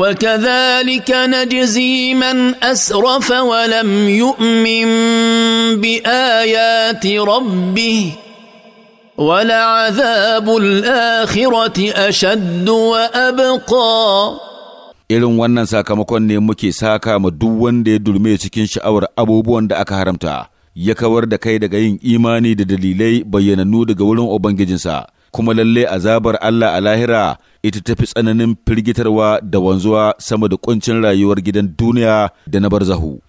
وكذلك نجزي من اسرف ولم يؤمن بايات ربه ولعذاب الاخره اشد وابقى irin wannan sakamakon ne muke saka ma duk wanda ya dulme cikin sha'awar abubuwan da aka haramta ya kawar da kai daga yin imani da dalilai bayyanannu daga wurin ubangijinsa kuma lalle azabar Allah a lahira ita tafi tsananin firgitarwa da wanzuwa sama da kuncin rayuwar gidan duniya da na barzahu.